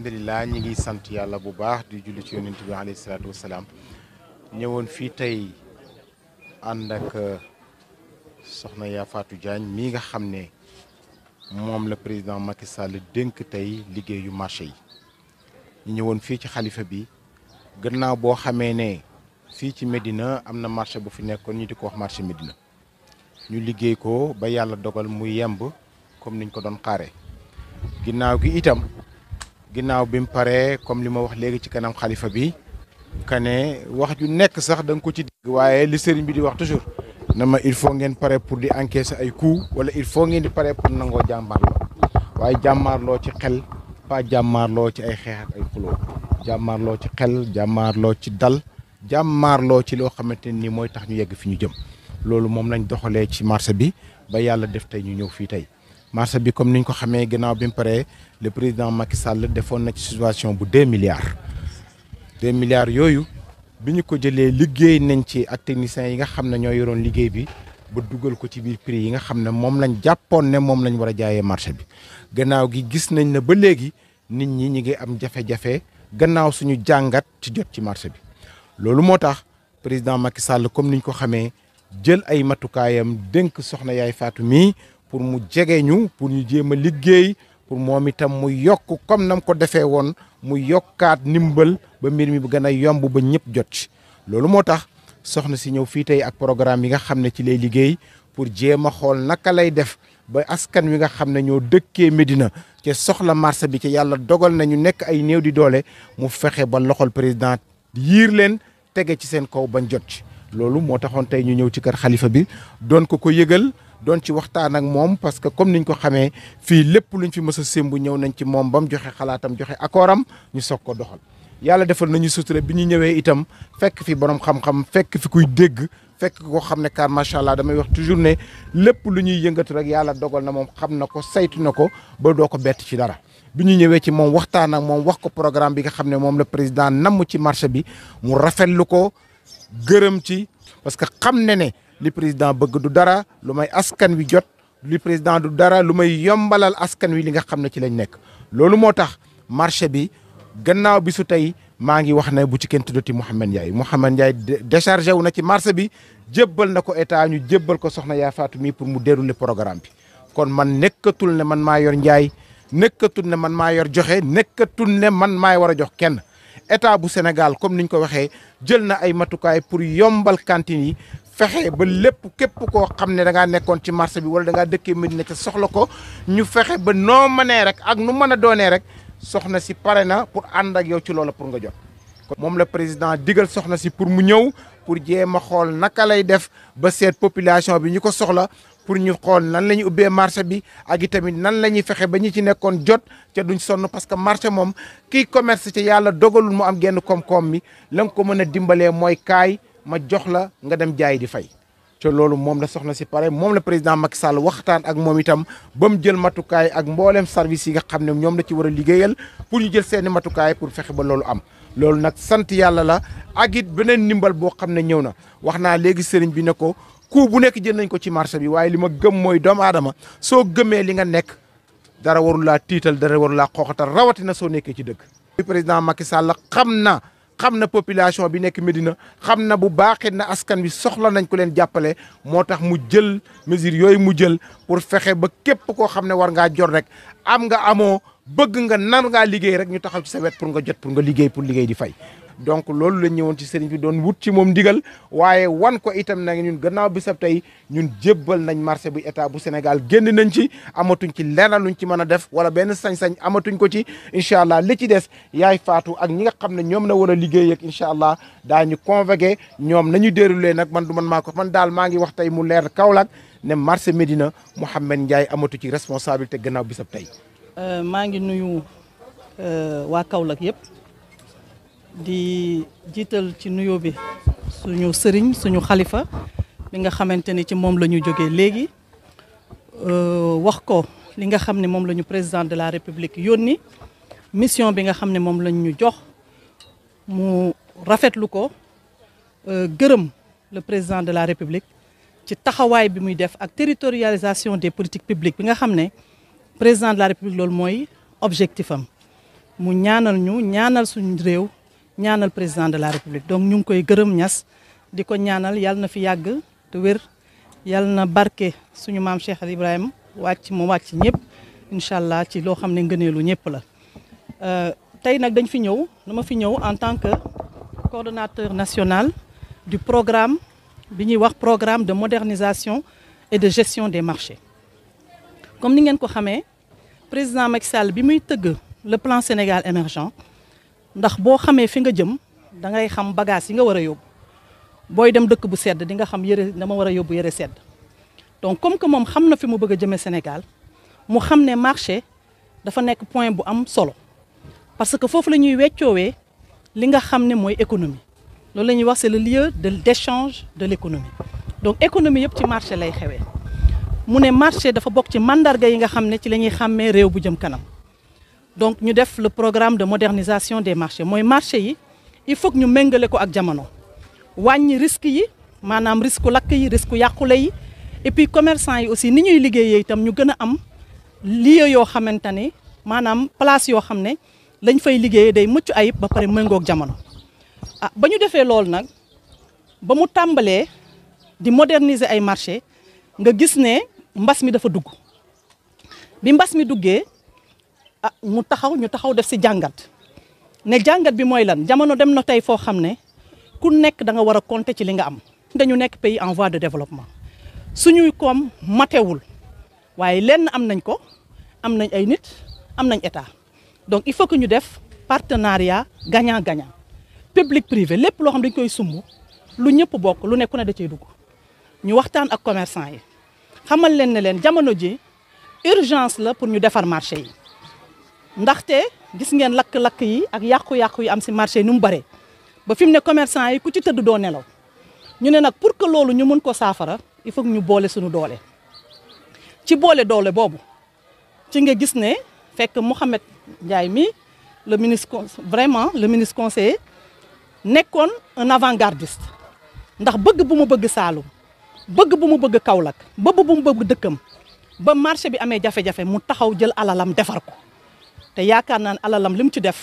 alhamdulilah ñi ngi sant yàlla bu baax di julli ci yonent bi alayhi salaatu wasalaam ñëwoon fii tey ànd ak euh, soxna yaa Fatou mii nga xam ne moom la président Macky Sall dénk tey liggéeyu marché yi ñu ñëwoon fii ci xalifa bi gannaaw boo xamee ne fii ci Médina am na marché bu fi nekkoon ñu di ko wax marché Médina ñu liggéey ko ba yàlla dogal mu yemb comme niñ ko doon xaare ginnaaw gi itam ginnaaw bi mu paree comme li ma wax léegi ci kanam xalifa bi kane wax ju nekk sax da ko ci dégg waaye li sëriñ bi di wax toujours na ma il faut ngeen pare pour di encaisser ay coups wala il faut ngeen di pare pour nangoo jàmbaarloo waaye jàmmaarloo ci xel pas jàmmaarloo ci ay xeex ay xuloo jàmmaarloo ci xel jàmmaarloo ci dal jàmmaarloo ci loo xamante ni mooy tax ñu yegg fi ñu jëm loolu moom lañ doxalee ci marché bi ba yàlla def tey ñu ñëw fii tey marché bi comme ni niñ ko xamee ginnaaw bi mu paree le président Macky Sall defoon na ci situation bu dee milliards deux milliards yooyu bi ñu ko jëlee liggéey nañ ci ak techniciens yi nga xam ne ñoo yoroon liggéey bi ba dugal ko ci biir prix yi nga xam ne moom lañ jàppoon ne moom lañ war a jaayee marché bi gannaaw gi gis nañ ne ba léegi nit ñi ñi am jafe-jafe gannaaw suñu jàngat ci jot ci marché bi loolu moo tax président Macky Sall comme niñ ko xamee jël ay matukaayam dénk soxna yaay Fatou mii pour mu jegee ñu pour ñu jéem a liggéey pour moom itam mu yokk comme nam ko defee woon mu yokkaat ndimbal ba mbir mi bu gën a yomb ba ñëpp jot ci loolu moo tax soxna si ñëw fii tey ak programme yi nga xam ne ci lay liggéey pour jéem a xool naka lay def ba askan wi nga xam ne ñoo dëkkee Médina ca soxla marché bi ca yàlla dogal na ñu nekk ay néew di doole mu fexe ba loxol président yiir leen tege ci seen kaw bañ jot ci loolu moo taxoon tey ñu ñëw ci kër xalifa bi doon ci waxtaan ak moom parce que comme niñ ko xamee fii lépp luñ fi mës a sémbu ñëw nañ ci moom ba mu joxe xalaatam joxe accordam ñu soog ko doxal yàlla defal nañu sutura bi ñu ñëwee itam fekk fi borom xam-xam fekk fi kuy dégg fekk koo xam ne car macha allah damay wax toujours ne lépp lu ñuy yëngatu rek yàlla dogal na moom xam na ko saytu na ko ba doo ko bett ci dara bi ñu ñëwee ci moom waxtaan ak moom wax ko programme bi nga xam ne moom la président namm ci marché bi mu rafetlu ko gërëm ci parce que xam ne ne li président bëgg du dara lu may askan wi jot li président du dara lu may yombalal askan wi li nga xam ne ci lañ nekk loolu moo tax marché bi gannaaw bi su tey maa ngi wax ne bu ci kenn tuddati Mouhamed Ndiaye Mouhamed Ndiaye déchargé wu na ci marché bi jëbal na ko état ñu jëbal ko soxna Yaa Fatou mi pour mu dérouler programme bi kon man nekkatul ne man maa yor Ndiaye nekkatul ne man maa yor joxe nekkatul ne man maay war a jox kenn état bu Sénégal comme niñ ko waxee jël na ay matukaay pour yombal cantine yi fexe ba lépp képp koo xam ne da ngaa nekkoon ci marché bi wala da ngaa dëkkee Medina ca soxla ko ñu fexe ba noo mënee rek ak nu mën a doonee rek soxna si pare na pour ànd ak yow ci loola pour nga jot. moom la président digal soxna si pour mu ñëw pour jéem a xool naka lay def ba seet population bi ñu ko soxla pour ñu xool nan la ñu ubbee marché bi ak itamit nan la ñuy fexe ba ñu ci nekkoon jot ca duñ sonn parce que marché moom kii commerce ci yàlla dogalul mu am genn koom-koom mi la nga ko mën a dimbalee mooy kaay. ma jox la nga dem jaay di fay te moom la soxna si pare moom la président Macky Sall waxtaan ak moom itam ba mu jël matukaay ak mbooleem service yi nga xam ne ñoom la ci war a liggéeyal pour ñu jël seeni matukaay pour fexe ba loolu am loolu nag sant yàlla la ak beneen ndimbal boo xam ne ñëw na wax naa léegi sëriñ bi ne ko ku bu nekk jël nañ ko ci marché bi waaye li ma gëm mooy doomu adama soo gëmee li nga nekk dara warul tiital dara warul laa rawatina soo nekkee ci dëgg xam na population bi nekk Médina xam na bu baaxit na askan wi soxla nañ ko leen jàppale moo tax mu jël mesure yooyu mu jël pour fexe ba képp koo xam ne war ngaa jot rek am nga amoo bëgg nga nar ngaa liggéey rek ñu taxaw ci sa wet pour nga jot pour nga liggéey pour liggéey di fay donc loolu la ñëwoon ci sëriñ bi doon wut ci moom ndigal waaye wan ko itam nag ñun gannaaw bisab tey ñun jébbal nañ marché bu état bu Sénégal génn nañ ci amatuñ ci lenn luñ ci mën a def wala benn sañ-sañ amatuñ ko ci incha allah li ci des yaay faatu ak ñi nga xam ne ñoom la war a liggéey ak incha allah daañu convoqué ñoom nañu déroulé nag man du man maa ko man daal maa ngi wax tey mu leer Kaolack ne marché Médina Mouhamed Ndiaye amatu ci responsabilité gannaaw bisab tey. Euh, maa ngi nuyu euh, waa Kaolack yëpp. di jiital ci nuyoo bi suñu sëriñ suñu xalifa bi nga xamante ni ci moom la ñu jógee léegi euh, wax ko li nga xam ne moom la ñu président de la république yónni mission bi nga xam ne moom la ñu jox mu rafetlu ko euh, gërëm le président de la république ci taxawaay bi muy def ak territorialisation des politiques publique bi nga xam ne président de la république loolu mooy objectif am mu ñaanal ñu ñaanal suñu réew ñaanal président de la république donc ñu ngi koy gërëm ñas di ko ñaanal yàlla na fi yàgg te wér yàlla na barke suñu maam Cheikh Ibrahima wàcc mu wàcc ñëpp incha allah ci loo xam ne ngëneelu ñëpp la. Euh, tey nag dañ fi ñëw ma fi ñëw en tant que coordonnateur national du programme bi ñuy wax programme de modernisation et de gestion des marchés comme ni ngeen ko xamee président Macky Sall bi muy tëgg le plan Sénégal émergent. ndax boo xamee fi nga jëm dangay xam bagage yi nga war a yóbbu booy dem dëkk bu sedd di nga xam yëre dama war a yóbbu yëre sedd donc comme que moom xam na fi mu bëgg a jëmee Sénégal mu xam ne marché dafa nekk point bu am solo parce que foofu la ñuy weccoowee li nga xam ne mooy économie loolu la ñuy wax c'est le de d'échange de l'économie donc économie yëpp ci marché lay xewee mu ne marché dafa bokk ci mandarga yi nga xam ne ci la ñuy xàmmee réew bu jëm kanam donc ñu def le programme de modernisation des marchés mooy marché yi il faut ñu méngale ko ak jamono wàññi risque yi maanaam risque lakk yi risque yàqule yi et puis commerçant yi aussi ni ñuy liggéeyee itam ñu gën a am lieu yoo xamante ne maanaam place yoo xam ne lañ fay liggéeyee day mucc ayib ba pare méngoog jamono ah ba ñu defee loolu nag ba mu tàmbalee di moderniser ay marché nga gis ne mbas mi dafa dugg bi mbas mi duggee ah mu taxaw ñu taxaw def si jàngat ne jàngat bi mooy lan jamono dem na tey foo xam ne ku nekk da nga war a compter ci li nga am. dañu nekk pays envoie de développement suñuy koom matewul waaye lenn am nañ ko am nañ ay nit am nañ état donc il faut que ñu def partenariat gaña gagnant public privé lépp loo xam dañ koy sumb lu ñëpp bokk lu nekku ku ne da cey dugg ñu waxtaan ak commerçant yi xamal leen ne leen jamono ji urgence la pour ñu defar marché yi. ndaxte gis ngeen lakk-lakk yi ak yàqu-yàqu yi am si marché nu mu bare ba fi mu ne commerçant yi ku ci tëdd doo nelaw ñu ne nag pour que loolu ñu mun ko saafara il ñu boole sunu doole ci boole doole boobu ci nga gis ne fekk Mouhamed Ndiaye mi le ministre vraiment la ministre conseil nekkoon un avant-gardiste ndax bëgg bu mu bëgg Saalum bëgg bu mu bëgg Kaolack bëgg bu mu bëgg dëkkam ba marché bi amee jafe-jafe mu taxaw jël alalam defar ko te yaakaar naa ne alalam li mu ci def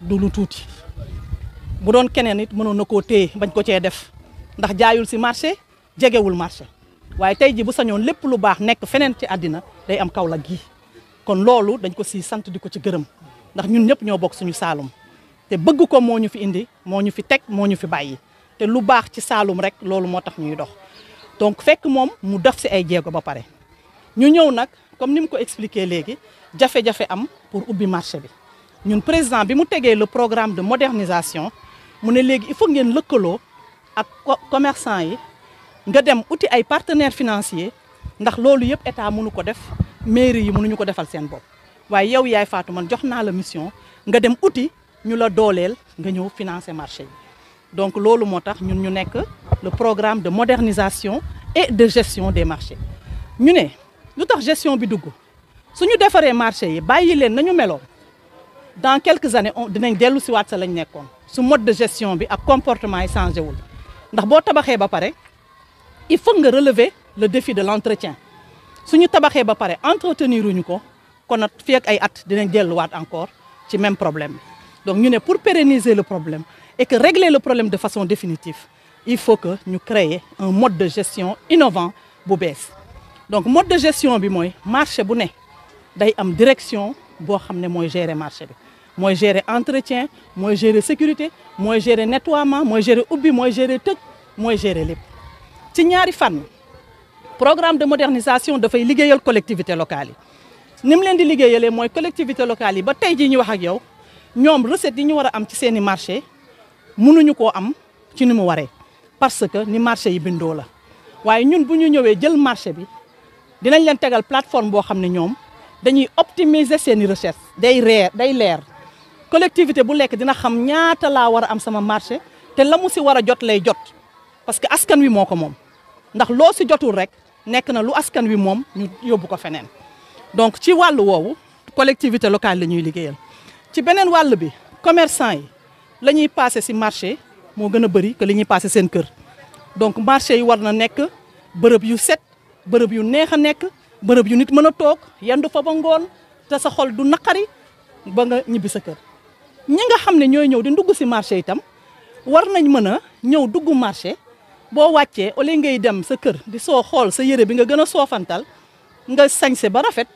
du lu tuuti bu doon keneen it mënoon na koo téye bañ ko cee def ndax jaayul si marché jegewul marché waaye tey ji bu sañoon lépp lu baax nekk feneen ci àddina day am Kaolack gi kon loolu dañ ko si sant di ko ci gërëm ndax ñun ñëpp ñoo bokk suñu Saalum te bëgg ko moo ñu fi indi moo ñu fi teg moo ñu fi bàyyi te lu baax ci Saalum rek loolu moo tax ñuy dox donc fekk moom mu def si ay jéego ba pare ñu ñëw nag. comme ni mu ko expliqué léegi jafe-jafe am pour ubbi marché bi ñun président bi mu tegee la programme de modernisation mu ne léegi il faut ngeen lëkkaloo ak commerçant yi nga dem uti ay partenaires financier ndax loolu yëpp état mënu ko def mairie yi mënuñu ko defal seen bopp waaye yow yaay Fatou man jox naa la mission nga dem uti ñu la dooleel nga ñëw financer marché yi donc loolu moo tax ñun ñu nekk le programme de modernisation et de gestion des marchés ñu ne lu tax gestion bi dugg su ñu defaree marché yi bàyyi leen ñu meloon dans quelques années on dinañ dellu si waat sa lañ nekkoon su mode de gestion bi ak comportement yi changé wul ndax boo tabaxee ba pare il faut nga relever le défi de l' su ñu tabaxee ba pare entretenir uñu ko kon nag fii ay at dinañ delluwaat encore ci même problème bi donc ñu ne pour pérenniser le problème et que régler le problème de façon définitive il faut que ñu créer un mode de gestion innovant bu bees donc mode de gestion bi mooy marché bu ne day am direction boo xam ne mooy gérer marché bi mooy gérer entretien mooy gérer sécurité mooy gérer nettoiement mooy gérer ubbi mooy gérer tëj mooy gérer lépp ci ñaari fànn programme de modernisation dafay liggéeyal collectivité locale yi ni mu leen di liggéeyalee mooy collectivité locale yi ba tey jii ñu wax ak yow ñoom recette yi ñu war a am ci seeni marché mënuñu koo am ci ni mu waree parce que ni marché yi bindoo la waaye ñun bu ñu ñëwee jël marché bi dinañ leen tegal plateforme boo xam ne ñoom dañuy optimiser seeni recherche day reer day leer collectivité bu lekk dina xam ñaata laa war a am sama marché te la mu si war a jot lay jot parce que askan wi moo ko moom ndax loo si jotul rek nekk na lu askan wi moom ñu yóbbu ko feneen donc ci wàllu woowu collectivité locale la ñuy liggéeyal ci beneen wàll bi commerçant yi la ñuy passé si marché moo gën a bëri que li ñuy passé seen kër donc marché yi war na nekk bërëb yu set bërëb yu neex a nekk bërëb yu nit mën a toog yendu fa ba ngoon te sa xol du naqari ba nga ñibbi sa kër ñi nga xam ne ñooy ñëw di ndugg si marché itam war nañ mën a ñëw dugg marché boo wàccee au lieu ngay dem sa kër di soo xool sa yére bi nga gën a soofantal nga sañse ba rafet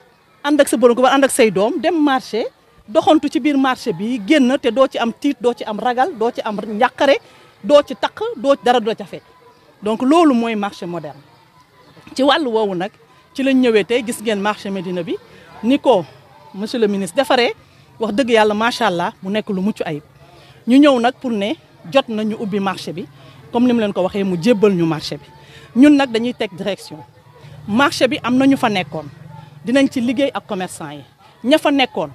ànd ak sa borom ko ànd ak say doom dem marché doxantu ci biir marché bi génna te doo ci am tiit doo ci am ragal doo ci am njàqare doo ci takk doo dara doo ca fekk donc loolu mooy marché moderne ci wàllu woowu nag ci lañ ñëwee tey gis ngeen marché Médina bi ni ko monsieur le ministre defaree wax dëgg yàlla macha allah mu nekk lu mucc ayib ñu ñëw nag pour ne jot nañu ubbi marché bi comme ni mu leen ko waxee mu jébbal ñu marché bi ñun nag dañuy teg direction marché bi am na ñu fa nekkoon dinañ ci liggéey ak commerçant yi ña fa nekkoon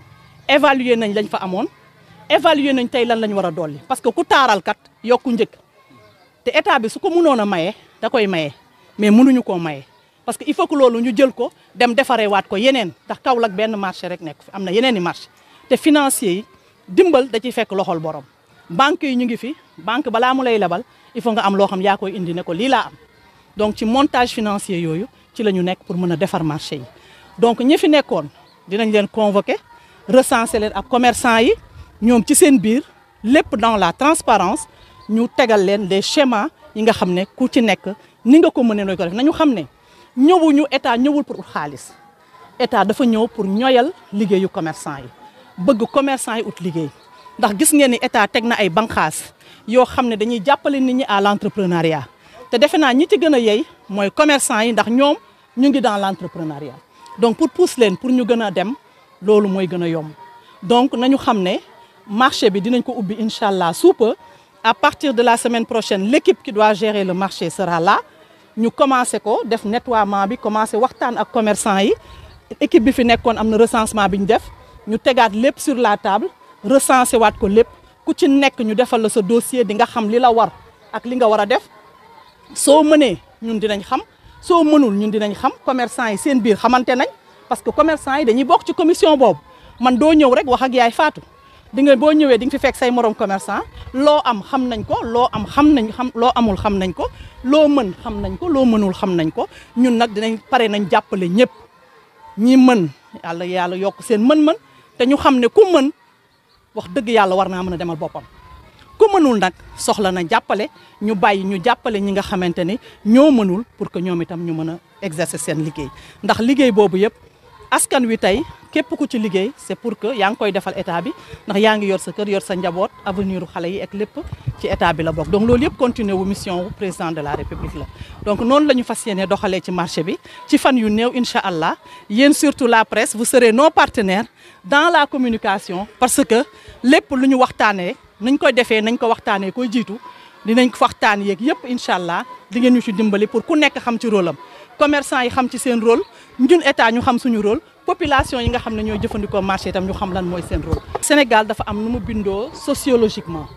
évaluer nañ lañ fa amoon évaluer nañ tey lan lañ war a dolli parce que ku taaral kat yokku njëkk te état bi su ko mënoon a maye da koy maye. mais mënuñu koo maye parce que il faut loolu ñu jël ko dem defarewaat ko yeneen ndax Kaolack benn marché rek nekk fi am na yeneen i marché te financier yi dimbal da ciy fekk loxol borom banque yi ñu ngi fi banque balaa mu lay lebal il faut nga am loo xam yaa koy indi ne ko lii laa am donc ci montage financier yooyu ci la ñu nekk pour mën a defar marché yi donc ñi fi nekkoon dinañ leen convoqué recenser leen ak commerçant yi ñoom ci seen biir lépp dans la transparence ñu tegal leen des schémas yi nga xam ne ku ci nekk ni nga ko mënee nooy ko def nañu xam ne ñëwuñu état ñëwul pour xaalis état dafa ñëw pour ñoyal liggéeyu commerçant yi bëgg commerçant yi ut liggéey ndax gis ngeen ni état teg na ay banqaas yoo xam ne dañuy jàppale ni ñi à l'entrepreneuriat te defe naa ñi ci gën a yey mooy commerçant yi ndax ñoom ñu ngi dans l'entrepreneuriat donc pour pousse leen pour ñu gën a dem loolu mooy gën a yomb donc nañu xam ne marché bi dinañ ko ubbi incha allah sous peu à partir de la semaine prochaine l'équipe qui doit gérer le marché sera ñu commencé ko def nettoiement bi commencé waxtaan ak commerçant yi équipe bi fi nekkoon am na recensement bi ñu def ñu tegaat lépp sur la table recensé waat ko lépp ku ci nekk ñu defal la sa dossier di nga xam li la war ak li nga war a def soo mënee ñun dinañ xam soo mënul ñun dinañ xam commerçant yi seen biir xamante nañ parce que commerçant yi dañuy bokk ci commission boobu man doo ñëw rek wax ak yaay faatu di nga boo ñëwee di nga fi fekk say morom commerçant loo am xam nañ ko loo am xam nañ xam loo amul xam nañ ko loo mën xam nañ ko loo mënul xam nañ ko ñun nag dinañ pare nañ jàppale ñëpp ñi mën yàlla yàlla yokk seen mën-mën te ñu xam ne ku mën wax dëgg yàlla war naa mën a demal boppam ku mënul nag soxla na jàppale ñu bàyyi ñu jàppale ñi nga xamante ne ñoo mënul pour que ñoom itam ñu mën a exercer seen liggéey ndax liggéey boobu yëpp askan wi tey képp ku ci liggéey c'est pour que yaa ngi koy defal état bi ndax yaa ngi yor sa kër yor sa njaboot avenir xale yi ak lépp ci état bi la bokk donc loolu yëpp continuer wu mission wu président de la république la donc noonu la ñu fas yéene doxalee ci marché bi ci fan yu néew incha allah yéen surtout la presse vous serez no partenaire dans la communication parce que lépp lu ñu waxtaanee nañ koy defee nañ ko waxtaanee koy jiitu dinañ ko waxtaan yeeg yëpp incha allah di ngeen ñu ci dimbali pour ku nekk xam ci rôle am commerçant yi xam ci seen rôle ñun état ñu xam suñu rôle population yi nga xam ne ñoo jëfandikoo marché tam ñu xam lan mooy seen rôle. Sénégal dafa am nu mu bindoo sociologiquement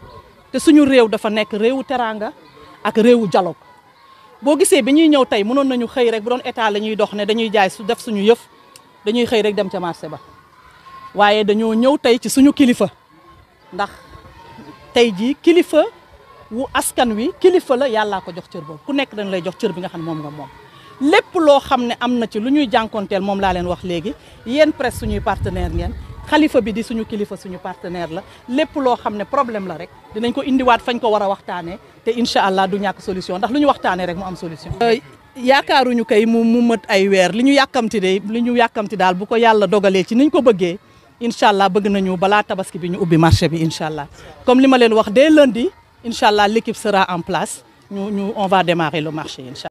te suñu réew dafa nekk réewu teraanga ak réewu dialogue boo gisee bi ñuy ñëw tey mënoon nañu xëy rek bu doon état la ñuy dox ne dañuy jaay su def suñu yëf dañuy xëy rek dem ca marché ba waaye dañoo ñëw tey ci suñu kilifa ndax tey jii kilifa wu askan wi kilifa la yàllaa ko jox cër ku nekk dañ lay jox cër bi nga xam ne moom nga moom. lépp loo xam ne am na ci lu ñuy jànkonteel moom laa leen wax léegi yéen presse suñuy partenaire ngeen xalifa bi di suñu kilifa suñu partenaire la lépp loo xam ne problème la rek dinañ ko indiwaat fañ ko war a waxtaanee te incha allah du ñàkk solution ndax lu ñu waxtaanee rek mu am solution. Euh, yaakaaruñu kay mu mu mët ay weer li ñu yàkkamti de li ñu yàkkamti daal bu ko yàlla dogalee ci niñ ko bëggee incha allah bëgg nañu balaa tabaski bi ñu ubbi marché bi incha allah comme li ma leen wax dès lundi incha allah l'équipe sera en place ñu ñu on va démarrer marché